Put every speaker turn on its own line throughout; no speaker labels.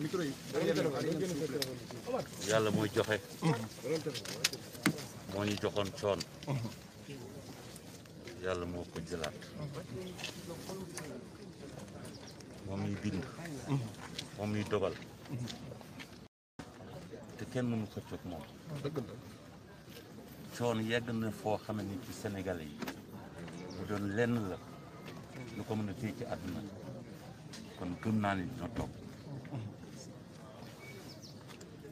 micro
yàlla mooy joxe.
moo ñu joxoon coon. yàlla moo ko jëlaat. moom yi bind. moom yi dogal. te kenn mënu ko moom. coon yegg na foo xam ne ci Sénégalais yi. mu doon lenn la. lu ko mën a téye ci kon gëm naa ne dina toog.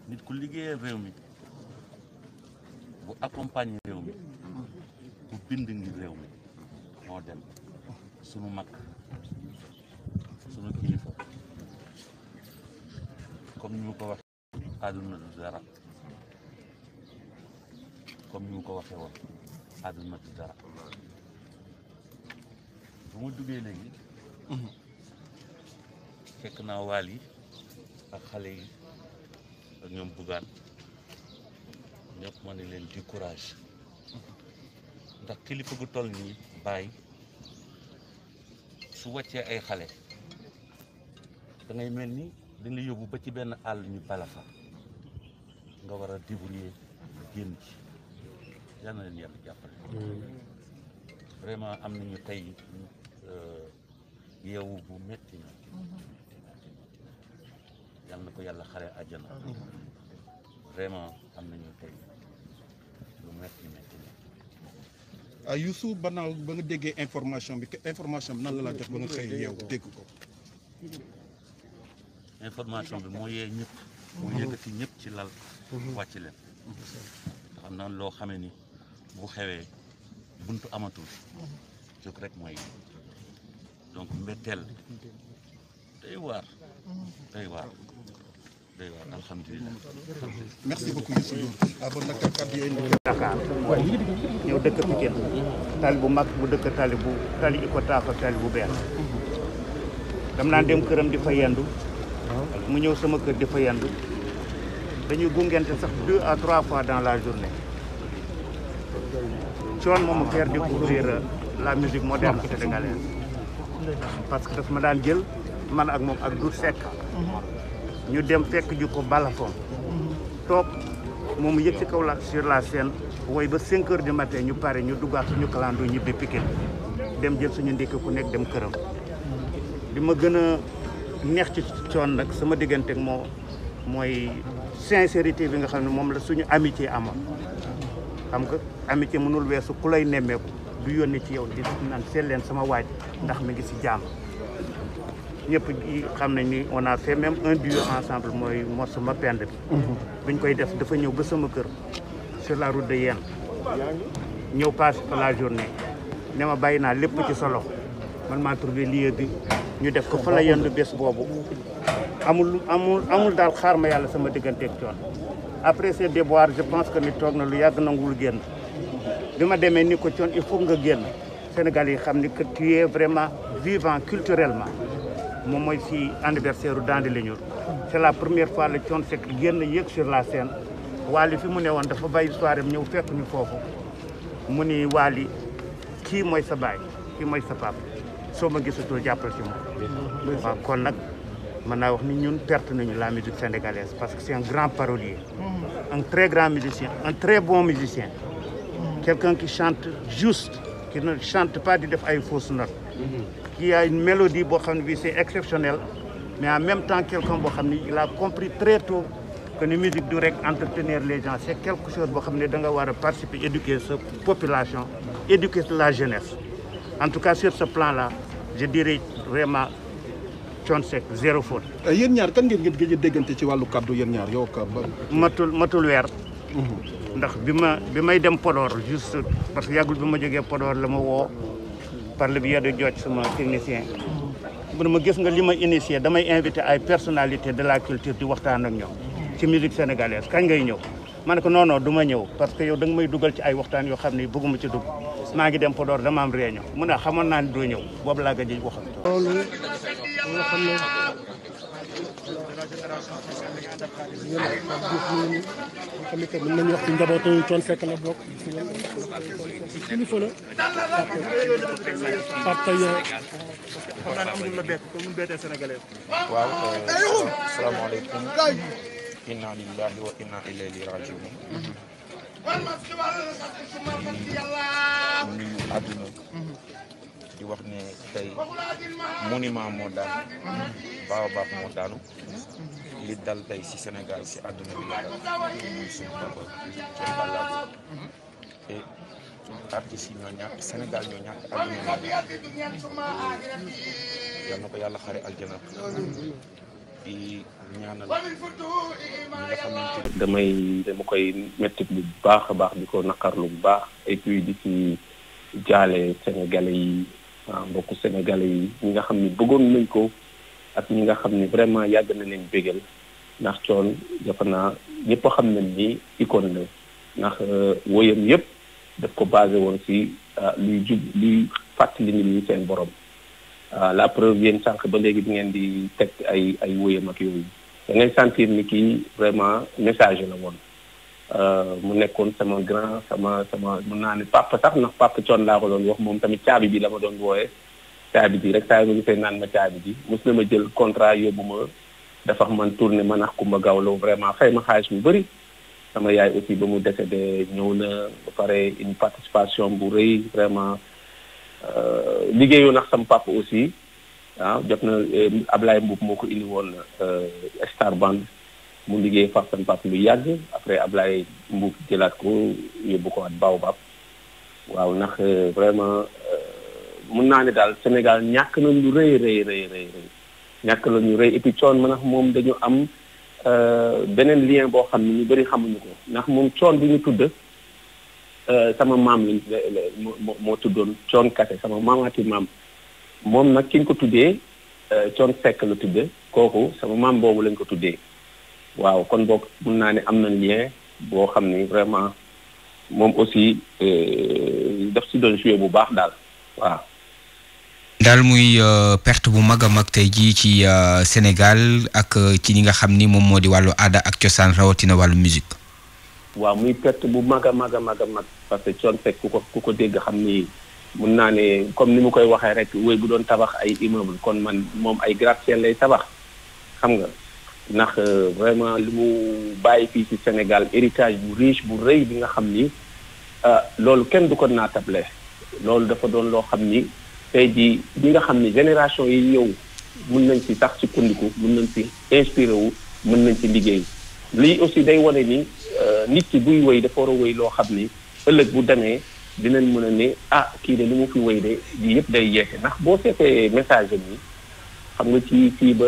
nit ku liggéeyee réew mi bu accompagner réew mi bu bind ngir réew mi moo dem sunu mag sunu kilifa comme ni mu ko waxee àdduna du dara comme ni ko waxee woon àdduna du dara bu ma duggee léegi mhm. fekk naa waal yi ak xale yi ak ñoom bugaat ñëpp ma ne leen di courage ndax kilifa gu toll nii bàyyi su wàccee ay xale da ngay mel ni dañ la yóbbu ba ci benn àll ñu bala nga war a débrouiller génn ci yal na leen yàlla jàppale mm. vraiment am nañu tey euh, yeewu bu metti na ko yàlla xare àjjana vraiment am nañu tey lu metti metti metti
ah Youssou banaaw ba nga déggee information bi information bi nan la la jox ba nga xëy
yow dégg ko information bi moo yee ñëpp moo mhm. yëkkati ñëpp ci lal mhm. wàcc leen nga mhm. naan loo xamee ni bu xewee buntu amatul jóg rek mooy donc mbetteel day waar day waar merci beaucoup Dakar
ñëw dëkk Pikine tali bu mag bu dëkk tali bu tali Icotaf ak tali bu beex
dam naa dem këram di fa yendu
mu ñëw sama kër di fa yendu dañuy gungente sax deux à trois fois dans la journée coon moomu faire découvrir euh, la musique moderne sénégalaise parce que daf ma daan jël man ak moom ak Doudou Seck ñu dem fekk ju ko balafon toog moom yëg ci kaw la sur la scène woy ba 5 heures du matin ñu pare ñu duggaat suñu kalandoo ñibbi Pikine dem jël suñu ndékki ku nekk dem këram li ma gën a neex ci coon nag sama diggante ak moo mooy sincérité bi nga xam ne moom la suñu amitié amoon xam nga amitié mënul weesu ku lay nemmeeku du yónnee ci yow di naan seet leen sama waaj ndax mi ngi si jàmm ñëpp xam nañ ni on a fait même un duo ensemble mooy mos ma pend bi buñ koy def dafa ñëw ba sama kër sur la route de Yène ñëw passé par la journée ne ma bàyyi naa lépp ci solo man maa trouvé lieu bi ñu def ko fa la yendu bés boobu amul amul amul daal xaar ma yàlla sama digganteeg coon après ces déboires je pense que ni toog na lu yàgg nanguwul génn bi ma demee ni ko coon il faut nga génn Sénégal yi xam ni que tu es vraiment vivant culturellement moom mooy si anniversaire u Dandi Leñor c'est la première fois la Thione Seck génn yéeg sur la scène Wally fi mu ne woon dafa bàyyi soirée ñëw fekk ñu foofu mu ni Wally kii mooy sa baay kii mooy sa papa soo ma gisatoo jàppal si moom waaw kon nag mën naa wax ni ñun perte nañu la musique sénégalaise parce que c'est un grand parolier mm. un très grand musicien un très bon musicien
mm.
quelqu'un qui chante juste qui ne chante pas di def ay fausses notes. qui a une mélodie boo xam ne bii c'est exceptionnel mais en même temps quelqu'un boo xam ni il a compris très tôt que ni musique du rek entretenir les gens c'est quelque chose boo xam ne danga nga war a participer éduquer sa population éduquer la jeunesse en tout cas sur ce plan la je dirais vraiment Thione Seck zéro faute. Euh, yéen ñaar kan ngeen gëj a déggante ci wàllu kaddu yéen ñaar yow. matul matul weer. Mhm. ndax bi ma bi may dem Podor juste parce que yàggul bi ma jógee Podor la ma woo par le biais de Diodj sama technicien. mu ne ma gis nga li ma initié damay invité ay personalité de la culture di waxtaan ak ñoom ci musique sénégalaise kañ ngay ñëw. ma ne ko non du ma ñëw parce que yow da may dugal ci ay waxtaan yoo xam ni bëgguma ci dugg maa ngi dem Podor dama am réunion mu ne xamoon naa ne doo ñëw boobu laa gëj a waxal. loolu nga xam ne ñun
tamit mën nañu wax ci njabootu Thione Seck la bokk kilifa la Pape Pape waaw euh, salaamaaleykum. inna lillahi wa inna ilayhi rajiun di nuyu àdduna di wax ne tey monument moo daanu baobab moo daanu li dal tey si Sénégal si àdduna bi la dal muy suñu papa Thione Ballago te
artistes ñoo ñàkk Sénégal ñoo na ko yàlla xare aljana di ñaanal nga
damay dama koy metti bu baax a baax di ko naqarlu bu baax et puis di ci jaale sénégalais yi ah, mbokku sénégalais yi ñi nga xam ni bëggoon nañ ko ak ñi nga xam ni vraiment yàgg na leen bégal ndax coon defe naa ñëpp xam nañ ni icône la ndax euh, woyam yëpp daf ko basé woon ci ah, luy jub luy fàttali nit ñi seen boroom Euh, la preuve yéen sànq ba léegi bi ngeen di teg ay ay wóyam ak yooyu da ngay sentir ni kii vraiment message la woon euh, mu nekkoon sama grand sama sama mën naa ne papa sax ndax papa coon laa ko doon wax moom tamit caabi bi dama ma doon wooyee caabi bi rek saa yu ma gisee naan ma caabi bi mos na ma jël contrat yóbbu ma dafa man tourné ma nax Kumba Gawlo vraiment fay ma xaalis mu bari sama yaay aussi ba mu de ñëw na ba pare une participation bu rëy vraiment Euh, liggéeyoon ak sam papa aussi ah jot na euh, ablaay Mbuub moo ko indi woon euh, Star Band mu liggéey fa sam papa lu yàgg après Ablaye Mbuub jëlaat ko yóbbu ko at Baobab waaw nax vraiment mun naa ne daal Sénégal ñàkk nañ lu rëy rëy rëy rëy ñàkk la ñu rëy et puis coon ma ndax moom dañu am beneen lien boo xam ne ñu bëri xamuñu ko ndax moom coon bu ñu tudd Euh, sama maam lañ moo tuddoon coon kase sama maamaati maam moom nag kiñ ko tuddee coon euh, sekk la tudde kooku sama maam boobu lañ ko tuddee waaw kon boog mun naa ne am na lien boo xam ni vraiment moom aussi euh, daf si doon joué bu baax daal waaw
daal muy perte bu mag a mag tey jii ci Sénégal ak ci li nga xam ni moom moo di wàllu aada ak cosaan rawatina wàllu musique
waaw muy perte bu mag a mag a mag a mag parce que Thione Seck ku ko ku ko dégg xam ni mun naa ne comme ni mu koy waxee rek wéy bu doon tabax ay immeuble kon man moom ay gratte-ciel lay tabax xam nga ndax euh, vraiment li mu bàyyi fii ci Sénégal héritage bu riche bu rëy bi nga xam ni euh, loolu kenn du ko naatable loolu dafa doon loo xam ni tey jii ñi nga xam ni génération yi ñëw mun nañ ci tax ci kundiku mun nañ ci inspiré wu mun nañ ci liggéey lii aussi day wane ni euh, nit ki buy woy dafa war a wéy loo xam ni ëllëg bu demee dinañ mën a ne ah kii de li mu fi wéy de lii yëpp day yeete ndax boo seetee message am yi xam nga ci fii ba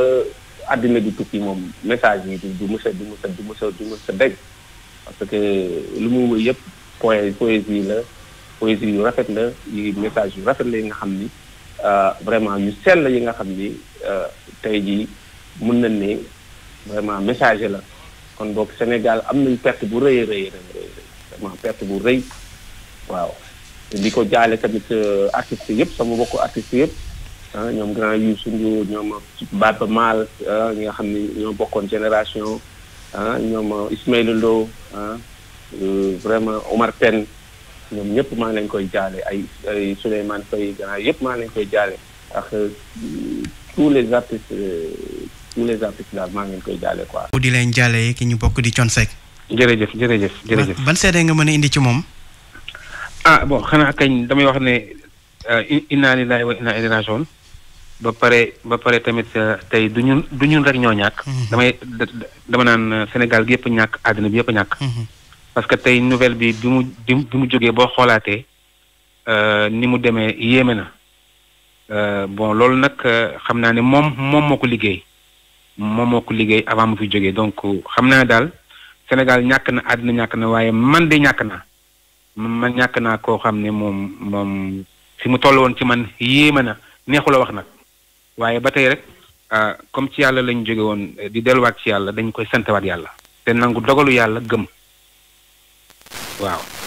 àddina di tukki moom message yi du du mës a du mës a du mës a du parce que lu mu wéy yëpp point poésie la poésie yu rafet la yi message yu rafet la yi nga xam ni euh, vraiment yu sell yi nga xam ni euh, tey jii mën na ne vraiment message la kon boog Sénégal am nañ perte bu rëy rëy rëy vraiment perte bu rëy waaw di ko jaale tamit euh, artistes yëpp sama bokku artistes yëpp ah ñoom grand Youssou Ndour ñoom Baba Maal ah, ñi nga xam ne ñoo bokkoon génération ah ñoom euh, Ismaël Lo ah euh, vraiment Omar ñoom ñëpp maa ngi koy jaale ay ay Souleymane Faye grand yëpp maa lañ koy jaale. ak tous les artistes euh, tous les artistes daal maa ngeen koy jaale quoi.
bu di leen jaale ki ñu bokk di Thione Seck. jërëjëf jërëjëf jërëjëf. ban seede nga mën a indi ci moom. ah
bon xanaa kañ damay wax ne euh, inna lillahi wa inna ilayhi rajiun ba pare ba pare tamit euh, tey du ñun du ñun rek ñàkk. Mhm. dama naan Sénégal gi yëpp ñàkk àddina bi yëpp ñàkk. Mhm. parce que tey nouvelle bi bi mu bi mu jógee boo xoolaatee ni mu demee yéeme na. Euh, bon loolu nag euh, xam naa ne moom moom moo ko liggéey moom moo ko liggéey avant mu fi jógee donc euh, xam naa daal Sénégal ñàkk na àddina ñàkk na waaye man de ñàkk na man ñàkk naa koo xam ne moom moom fi mu toll woon ci man yéeme na neexula wax nag waaye ba tey rek comme ci yàlla lañ jóge woon di delluwaat ci yàlla dañ koy santawaat yàlla te nangu dogalu yàlla gëm waaw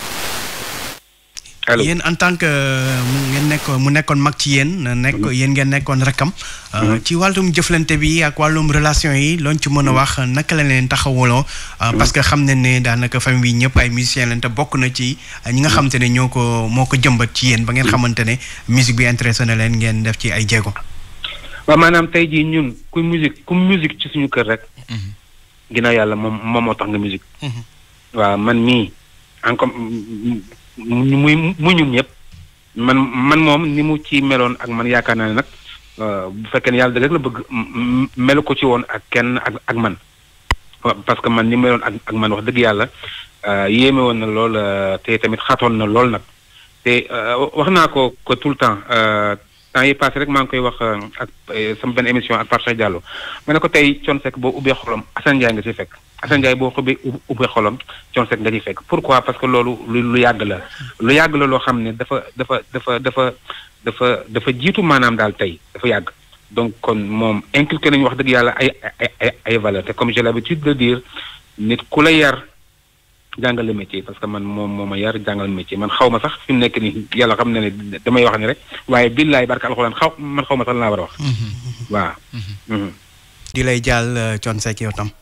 allo yéen en tant que euh, mu mu nekkoon mag ci yéen euh, nekk mhm. yéen ngeen nekkoon rakkam. Euh, mhm. ci wàllum jëflante bi ak wallum relation yi looñ ci mën a mhm. wax naka la leen taxawaloo. parce que xam nañ ne daanaka famille yi ñëpp ay musiciens lañ te bokk na ci ñi nga xamante ne ñoo ko moo ko jëmbat ci yéen ba ngeen xamante ne musique bi intéressé na leen ngeen def ci ay jéego.
waaw maanaam tey ji ñun ku musique ku musique ci suñu kër rek. ginnaaw yàlla moom moom moo tax nga musique. waaw man mii mu muy ñun ñëpp man man moom ni mu ci meloon ak man yaakaar naa ne nag euh, bu fekkee ne yàlla dëgg rek la bëgg melu ko ci woon ak kenn ak ak man parce que man ni meloon ak ak man wax dëgg yàlla euh, yéeme woon na lool euh, te tamit xatoon na lool nag te wax naa ko ko tout le temps temps yi passé rek maa ngi koy wax ak sama benn émission ak Pape Cheikh Diallo ma ne ko tey Thione Seck boo ubbee xolom Assane Ndiaye nga ci fekk Assane Ndiaye boo xobee ubbee xolam Thione Seck nga ñuy fekk pourquoi parce que loolu lu yàgg la lu yàgg la loo xam ne dafa dafa dafa dafa dafa dafa jiitu maanaam daal tey dafa yàgg donc kon moom inculqué nañu wax dëgg yàlla ay ay ay valeur te comme j'ai l'habitude de dire nit ku la yar jàngale métier parce que man moom moom a yar jàngal métier man xaw ma sax fi mu nekk ni yàlla xam na ne damay wax ni rek waaye billaay barka alxuraan xaw man xaw ma sax laa war a wax
mm-hmm. waaw mm-hmm. Mm-hmm. di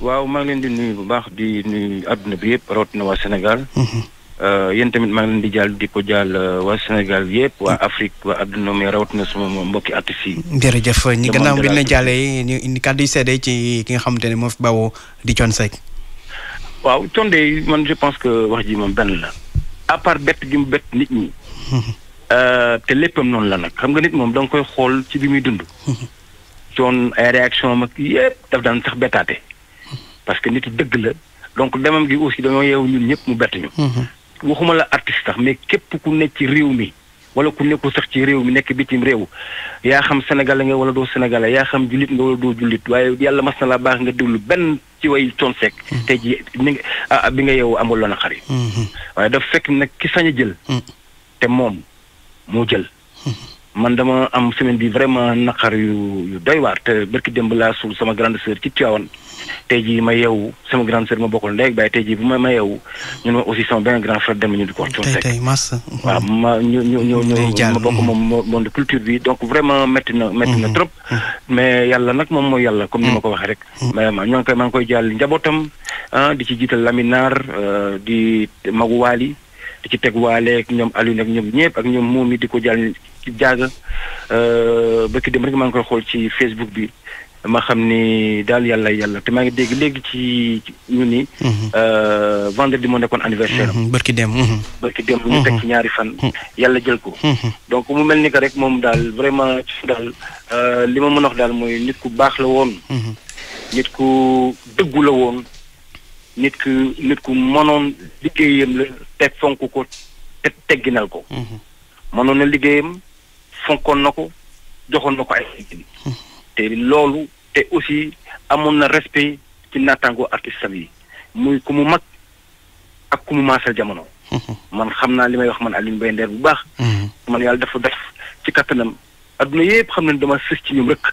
waaw maa ngi leen
di nuyu bu baax di nuyu àdduna bi yëpp rawatina waa Sénégal. Mhm. Euh, yéen tamit maa ngi leen di jàll di ko jàll euh, waa Sénégal yëpp waa mhm. Afrique waa àdduna mais rawatina suma mbokki artistes yi. jërëjëf ñi gannaaw bi ñu la jàllee
ñu indi ci ki nga xamante ne moo bawoo di Thione Seck.
waaw Thione de man je pense que wax ji moom benn la. à part bett gi mu bett nit mhm. euh, noonu la nag xam nga nit moom da nga ci bi muy dund. Thione ay réaction mag yëpp daf daan sax bettaate. parce que nit dëgg la donc demam gi aussi dañoo yeewu ñun ñëpp mu bett ñu. Mhm. waxuma la artiste sax mais képp ku nekk ci réew mi. wala ku nekkul sax ci réew mi nekk bi bitim réew yaa xam sénégalais nga wala doo sénégalais yaa xam jullit nga wala doo jullit waaye yàlla mas na laa baax nga déglu benn ci way Thione Seck. Mhm. tey jii ni ah, ah, bi nga yow amul la naqari. Mhm. waaye daf fekk nag ki sañ a jël. te moom moo jël. man dama am semaine bi vraiment naqar yu yu doy waar te barki laa suul sama grande sœur ci Tivaouane. tey jii ma yeewu sama grande sœur ma bokkoon léegi bàyyi tey jii bu ma ma yeewu ñun ma aussi sama benn grand frère dem ñu di ko wax. tey
ma ñu ñu ñu ñu
ma bokk moom monde culture bi donc vraiment métti na métti na mhm. trop. Mhm. mais yàlla nag moom mooy yàlla comme ni ma ko mhm. waxee rek. vraiment ñoo ngi koy maa ngi koy jàll njabootam ah, di ci jiital laminaar euh, di magu waali di ci teg waale ak ñoom Alioune ak ñoom ñëpp ak ñoom moom mi di ko jàll ci jaaga euh, ba ki dem rek maa koy xool ci Facebook bi. ma xam ni daal yàlla yàlla te maa ngi dégg léegi ci ñu ni. Mhm. Euh, vendredi moo nekkoon anniversaire am.
Mhm, barki dem. Mhm.
barki dem bu ñu teg ci ñaari fan. yàlla jël ko. donc mu mel ni que rek moom daal vraiment daal euh, li ma mën a wax daal mooy la woon. nit ku dëggu la woon. nit ku nit ku mënoon liggéeyam la te fonk ko te tegginal ko. mënoon na liggéeyam fonkoon na ko joxoon na ko ay. te loolu te aussi amoon na respect ci naataango artiste am yi muy ku mu mag ak ku mu maasal jamono. man xam naa li may wax man Alioune Mbaye ndeer bu baax. Mm-hmm. man yàlla dafa def ci kattanam adduna yëpp xam nañ dama sës ci ñoom rek.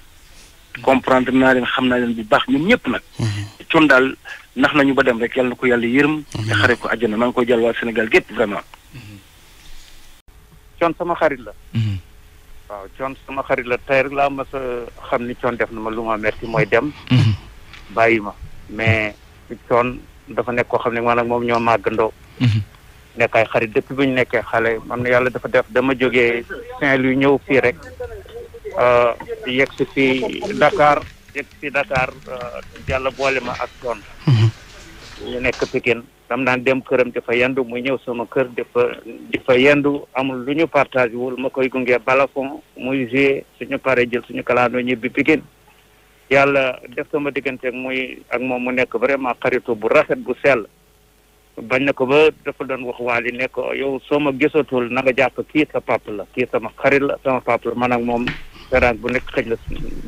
comprendre naa leen xam naa leen bu baax ñun ñëpp nag. Mm-hmm. coon daal nax nañu ba dem rek yàlla na ko yàlla yërëm. Mm-hmm. te xare ko àjjana maa ngi koy jàll waa Sénégal gépp vraiment.
coon sama xarit la. waaw coon sama xarit la tey rek laa mas a xam ni coon def na ma lu ma metti mooy dem. Mhm. bàyyi ma mais coon dafa nekk koo xam ne man ak moom ñoo màggandoo. Mhm. nekk ay xarit depuis bu ñu nekkee xale man na yàlla dafa def dama jógee Saint-Louis ñëw fii rek euh, yegg si fii Dakar yegg si Dakar euh, yàlla boole ma ak coon. Mhm. ñu nekk Pikine dam daan dem këram di fa yendu mu ñëw sama kër di fa di fa yendu amul lu ñu partage wul ma koy gunge balafon muy joué suñu paree jël suñu kalaandoo ñibbi Pikine yàlla def sama diggante ak ak moom mu nekk vraiment xaritu bu rafet bu sel bañ na ko ba dafa doon wax waali ne ko yow soo ma gisatul na nga jàpp kii sa papa la kii sama xarit la sama papa la man ak moom différence bu nekk xëj la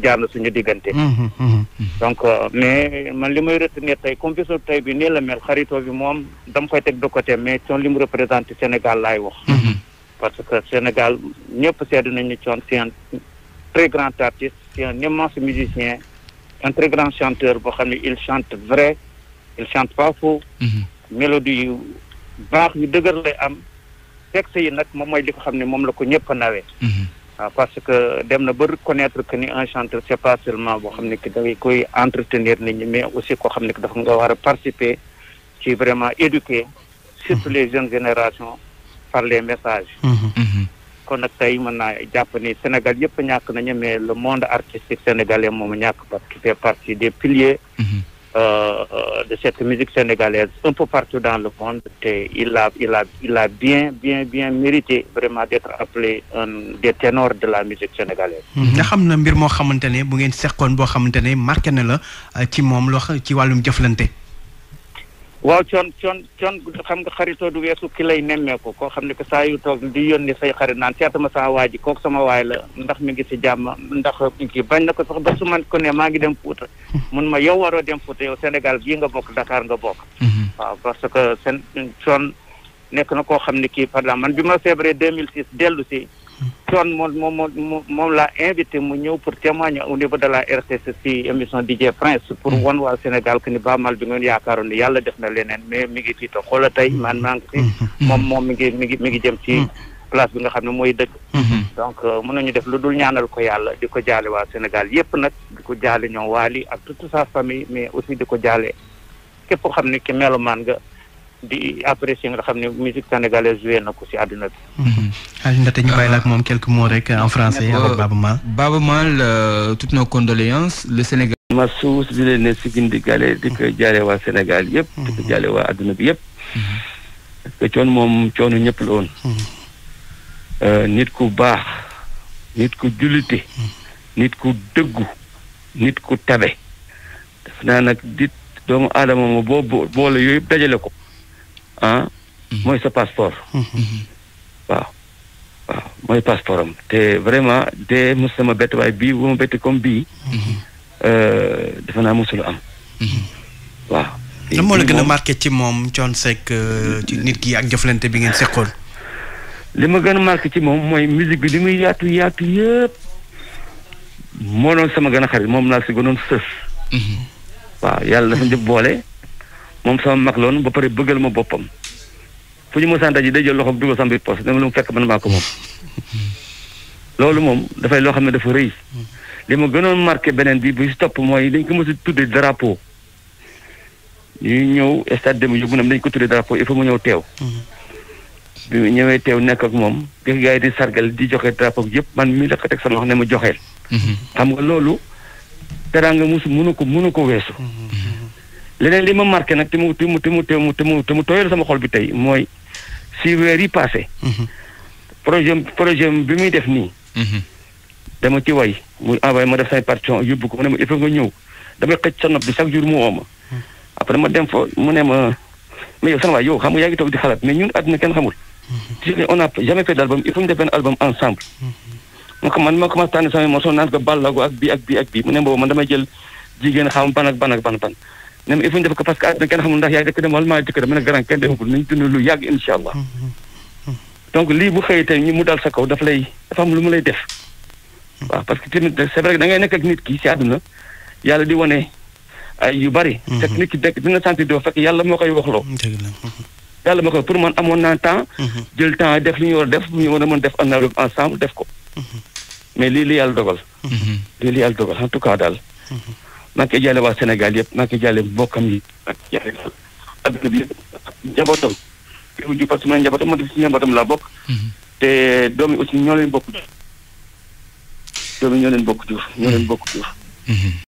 jaar na suñu diggante.
Mhm, mhm,
mhm. donc euh, mais man li may retenir tey comme bisu tey bi nii la mel xaritoo bi moom dama koy teg de côté mais coon li mu représenté Sénégal laay wax. parce que Sénégal ñëpp seetlu nañu ni coon c'est un très grand artiste c'est un immense musicien un très grand chanteur boo xam ne il chante vrai il chante pas mélodie baax yu dëgër lay am texte yi nag moom mooy li nga xam ne moom la ko ñëpp a waaw ah, parce que dem na ba reconnaître que ni un chanteur c'est pas seulement boo xam ne que da koy entretenir nit ñi mais aussi koo xam ne que dafa nga war a participer ci vraiment éduquer surtout les jeunes générations par les messages mm-hmm. Mm-hmm. kon nag tey mën naa jàpp ni Sénégal yëpp ñàkk nañu mais le monde artistique sénégalais moom ñàkk parce qu'il des piliers mm-hmm. Euh, de cette musique sénégalaise un peu partout dans le monde et il a il a il a bien bien bien mérité vraiment d'être appelé un des ténors de la musique sénégalaise.
Mm-hmm. nga xam na mbir moo xamante bu ngeen seqoon boo xamante ne na la euh, ci moom loo ci wàllum jëflante.
waaw coon coon coon xam nga xaritoo du weesu ki lay nemmeeku koo xam ne que saa yu toog di yónni say xarit naan seetama saa waa ji kooku sama waay la ndax mi ngi ci jàmm ndax kii bañ na ko sax ba su man ko ne maa ngi dem Fuuta hmm. mun ma yow waroo dem Fuuta yow Sénégal gi nga bokk Dakar nga bokk hmm. waaw parce que seen coon nekk na koo xam ne kii par exemple bi ma feebaree deux mille six dellu si kon moom moom moom moom laa invité mu ñëw pour témoigner au niveau de la RTS ci émission DJ Prince pour mm. wan waa Sénégal que ni baamal bi ngeen yaakaaroon ni yàlla def na leneen mais mi ngi fii te xoola tey mm. man maa ngi
mm-hmm. Mm-hmm. moom
moom mi ngi mi ngi mi ngi jëm ci mm. place bi nga xam ne mooy dëkk mm-hmm. donc euh, mën ñu def lu dul ñaanal ko yàlla di ko jaale waa Sénégal yépp nag di ko jaale ñoom Waly ak toute sa famille mais aussi di ko jaale képp xam ne ki melomaan nga di apprécier nga xam ne musique sénégalaise joué na ko si àdduna
bi. Mhm. Aliou Ndate ñu bàyyi la ak moom quelques mots rek en français avec Baba Maal. Baba euh,
nos condoléances le Sénégal. ma suuf di leen ne si gindi gale di ko jaale waa Sénégal yëpp. di ko mhm. jaale waa àdduna bi yëpp. Mhm. parce que coon moom coonu ñëpp la euh, nit ku baax nit ku jullite. nit ku dëggu nit ku tabe. def naa nag dit doomu aadama ma boo boole yooyu yëpp dajale ko. ah mhm. mooy sa passeport mhm. Mhm. waaw waaw mooy passeport am te vraiment de mos sama bett waaye bii bu ma betti comme bii euh, defe naa mosul am waaw lan moo la gën a
marqué ci moom Thione Seck euh, ci nit ki ak jëflante bi ngeen seqoon li ma gën a marqué ci moom mooy musique bi li muy yaatu yaatu yëpp
moo doon sama gën a xarit moom laa si gënoon sës waaw yàlla dafa njëb boole moom sama mag loon ba pare bëggal ma boppam fu ñu mosaan daje day jël loxo dugal sama biir poche dama mu fekk man maa ko moom. loolu moom dafay loo xam ne dafa rëy li ma gënoon marqué beneen bi bu si topp mooy dañ ko mos a tuddee drapeau ñuy ñëw stade dem yóbbu na dañ ko tuddee drapeau il faut mu ñëw teew. bi mu ñëwee teew nekk ak moom dégg gars yi di sargal di joxe drapeau bi yëpp man mii la ko teg sama wax ne ma joxeel. xam nga loolu teraanga musu mënu ko mënu ko weesu. leneen li ma marqué nag te mu te mu te mu te mu te mu tooyal sama xol bi tey mooy si weer yi passé mhm. projet projet bi muy def nii mhm. dama ci way muy ma def say partition yóbbu ko mu ne ma sa nopp bi chaque jour mu woo ma mhm. après ma dem fa mu ne ma mais yow sama waay yow xam nga yaa ngi toog di xalaat mais ñun àdduna kenn xamul on n'a jamais fait d'album il faut ñu def benn album ensemble ma ko tànn samay morceaux naan ko bàllago ak bi ak bi ak bi mu ne ma man damay ne ma il faut ñu ko parce que àdduna kenn xamul ndax yaa jëkk dem wala maa jëkk dem mën a garan kenn demagul nañ dund lu yàgg insha donc lii bu xëyee tey ñu mu dal sa kaw daf lay dafa am lu ma lay def waaw parce que tamit c'est vrai que da ngay nekk ak nit ki si àdduna yàlla di wane ay yu bari te nit ki dekk dina sentir doo fekk yàlla moo koy waxloo yàlla moo koy pour man amoon naa temps jël temps def lu ñu war a def bu ñu war a mën def analog ensemble def ko mais lii li yàlla dogal lii li yàlla dogal en maa ngi koy jaale waa Sénégal yëpp maa ngi koy jaale mbokkam yi maa ngi koy jaale adduna bi yëpp njabootam képp ju parce que man njabootam si njabootam laa bokk mhm. te doom yi aussi ñoo leen bokk jur doom yi ñoo leen bokk jur